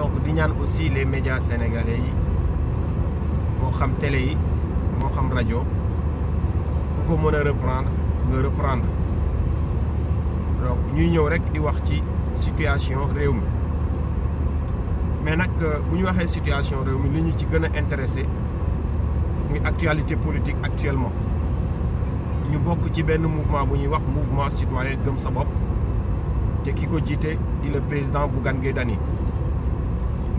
donc di ñaan aussi les médias sénégalais yi moo xam télé yi moo xam radio ku ko mëna reprendre nga reprendre donc ñuy ñëw rek di wax ci situation réew mais nak euh, bu ñu la situation réew mi li ñu ci gëna intéressé muy actualité politique actuellement ñu bok ci le mouvement bu wax mouvement citoyen gëm sa bop té kiko ko jiite le président Bougane Gueye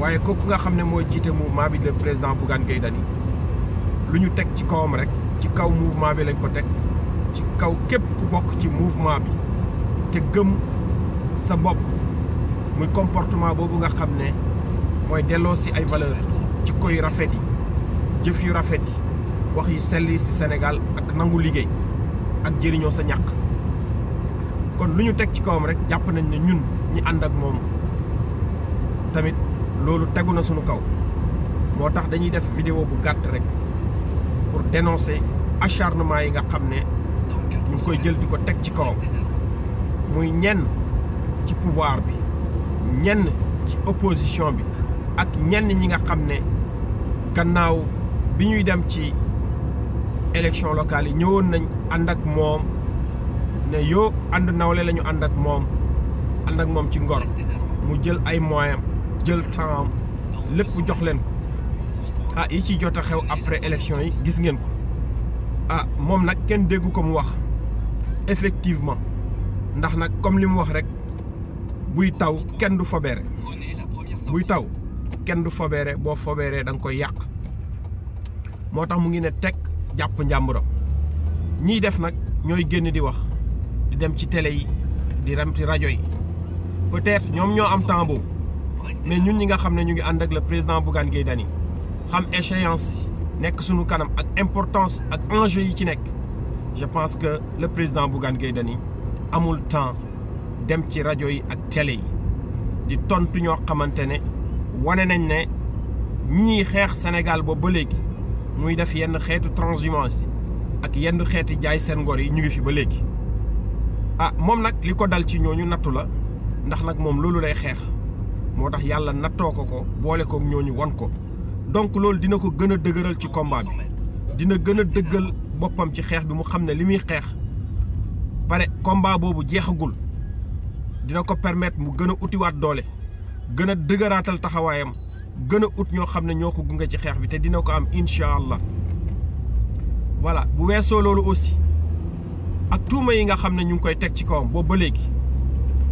waaye kooku nga xam ne mooy jiite mouvement bi le président Bougane Gueye lu ñu teg ci kawam rek ci kaw mouvement bi lañ ko teg ci kaw képp ku bokk ci mouvement bi te gëm sa bopp muy comportement boobu nga xam ne mooy delloo si ay valeur ci koy rafet yi jëf yu rafet yi wax yu sell yi si Sénégal ak nangu liggéey ak jëriñoo sa ñàq kon lu ñu teg ci kawam rek jàpp nañ ne ñun ñi ànd ak moom tamit loolu tegu na suñu kaw moo tax dañuy def vidéo bu gàtt rek pour dénoncer acharnement yi nga xam ne ñu ngi koy jël di ko teg ci kawam muy ñenn ci pouvoir bi ñenn ci opposition bi ak ñenn ñi nga xam ne gannaaw bi ñuy dem ci élection locale yi ñëwoon nañ ànd ak moom ne yoo ànd nawle la ñu ànd ak ci ngor mu jël ay moyens jël temps lépp jox leen ko ah yi ci jot a xew après élection yi gis ngeen ko ah moom nag kenn déggu ko mu wax effectivement ndax nag comme li mu wax rek buy taw kenn du fobeere buy taw kenn du fobeere boo fobeeree da nga koy yàq moo tax mu ngi ne teg jàpp njàmburam ñiy def nag ñooy génn di wax di dem ci télé yi di dem ci rajo yi peut-être ñoom ñoo am temps boobu mais ñun ñi nga nous avec ñu ngi ak le président Bougane Gueye Dany xam échéance nek suñu kanam ak importance ak enjeu yi ci nek je pense que le président Bougane Gueye amul temps dem ci radio yi ak télé yi di tontu ñoo xamantene ne nañ né ñi xeex Sénégal bo ba léegi muy def yenn xeetu transhumance ak yenn xeeti jaay sen ngor yi ñu ngi fi ba léegi ah mom nak liko dal ci ñoñu nattu la ndax nak mom lolu lay xeex moo tax yàlla nattoo ko ko boole ñoo ñu won ko donc loolu dina ko gën a dëgëral ci combat bi dina gën a dëggal boppam ci xeex bi mu xam ne li muy xeex pare combat boobu jeexagul dina ko permettre mu gën a utiwaat doole gën a dëgëraatal taxawaayam gën a ut ñoo xam ne ñoo ko gunge ci xeex bi te dina ko am incha allah voilà bu weesoo loolu aussi ak tuuma yi nga xam ne ñu ngi koy teg ci kawam boobu ba léegi.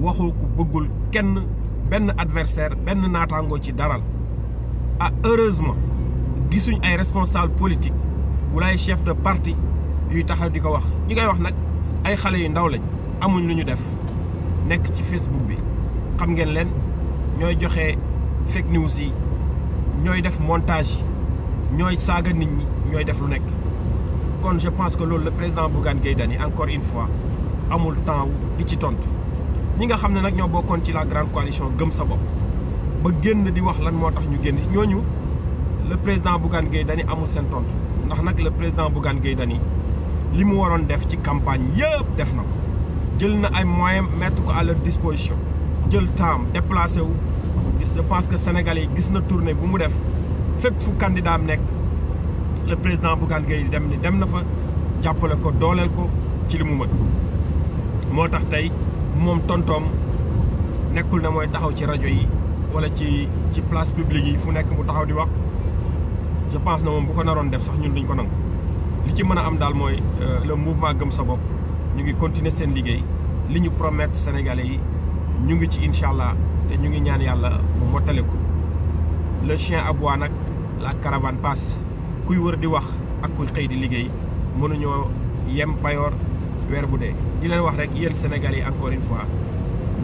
waxul ko bëggul kenn benn adversaire benn naataangoo ci daral. ah heureusement gisuñ ay responsable politique wala ay chef de parti yuy taxaw di ko wax ñi ngay wax nag ay xale yu ndaw lañ amuñ lu ñu def nekk ci Facebook bi xam ngeen leen ñooy joxe fake news yi ñooy def montage yi ñooy saaga nit ñi ñooy def lu nekk kon je pense que loolu le président Bougane Gueye encore une fois amul temps di ci tontu. ñi nga xam ne nag ñoo bokkoon ci la grande coalition gëm sa bopp ba génn di wax lan moo tax ñu génn ñooñu le président bu Bougane Gueye Dany amul seen tontu ndax nag le président bu Bougane Gueye Dany li mu waroon def ci campagne yëpp def na ko jël na ay moyen mettre ko à leur disposition jël temps déplacé wu gis je pense que Sénégalais yi gis na tournée bu mu def fépp fu candidat am nekk le président Bougane Gueye dem ni dem na fa jàppale ko dooleel ko ci li mu mën moo tax tey mom tontom nekul na moy taxaw ci radio yi wala ci ci place publique yi fu nek mu taxaw di wax je pense na mom bu ko naron def sax ñun duñ ko nang li ci mëna am dal moy eh, le mouvement gëm sa bop ñu ngi continuer seen liggéey li ñu promettre sénégalais yi ñu ngi ci inshallah té ñu ngi ñaan yalla mu motalé ko le chien à bois nak la caravane passe kuy wër di wax ak kuy xey di liggéey mënu ñoo yem payor weer bu dee di leen wax rek yéen sénégalais encore une fois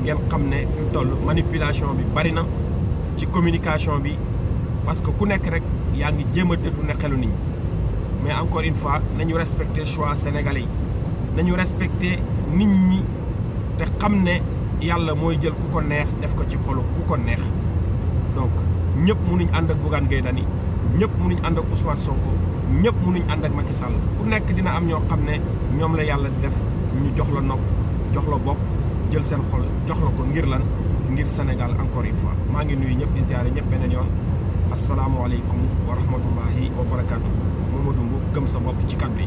ngeen xamné ne toll manipulation bi bari na ci communication bi parce que ku nekk rek ya nga jéem a détourné xelu nit mais encore une fois nañu respecter choix sénégalais nañu respecter nit ñi té xamné yalla moy jël kuko neex def ko ci xolu kuko neex donc ñepp mënuñ and ak Bougane Gueye ñepp mënuñ and ak Ousmane Sonko. ñëpp mënuñ ànd ak Macky Sall ku nekk dina am ñoo xam ne ñoom la yàlla def ñu jox la nopp jox la bopp jël seen xol jox la ko ngir lan ngir Sénégal encore une fois maa ngi nuyu ñëpp di ziare ñëpp beneen yoon asalaamualeykum wa rahmatullahi wa barakaatu Mamadou Mbow gëm sa bopp ci kat bi